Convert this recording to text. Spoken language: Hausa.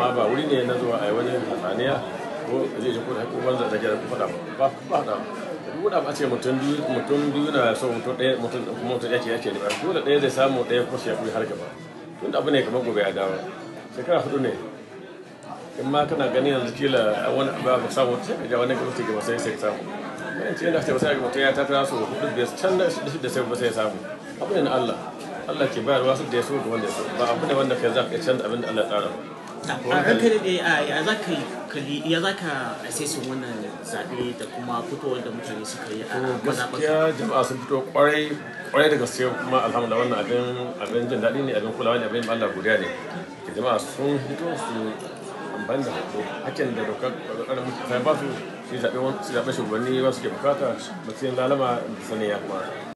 amma ba wuri ne na zuwa a yi wani hatsaniya ko zai ji kuma ko banza da kuma da ba ba da duk da ba ce mutum biyu mutum biyu na so mutum ɗaya mutum kuma mutum yake yake ne ba da ɗaya zai samu ɗaya ko ya kuyi har gaba tun da abu ne kamar gobe a dawo shekara hudu ne in ma kana ganin yanzu kila wani abu ba samu sai ka ja wani gaba sai gaba sai sai samu bayan ce da ta sai ga mutum ya ta tara so hudu biyar can da shi da sai ba sai samu abu ne na Allah Allah ke bayarwa su da ya so ga wanda ya so ba abu ne wanda kai za ka canza abin da Allah ya tsara ba a ranka da dai ya za ka kalli ya za ka asesin wannan zaɓe da kuma fitowar da mutane suka yi a eh, mazaɓar gaskiya jama'a sun fito kwarai kwarai da gaske kuma alhamdulillah wannan abin abin jin daɗi ne abin kulawa ne abin Allah godiya ne ke jama'a sun fito su amfani da hakkin da dokar ƙarƙarar mutu ta ba su shi zaɓe shugabanni ba su ke bukata matsayin lalama da sanin ya kuma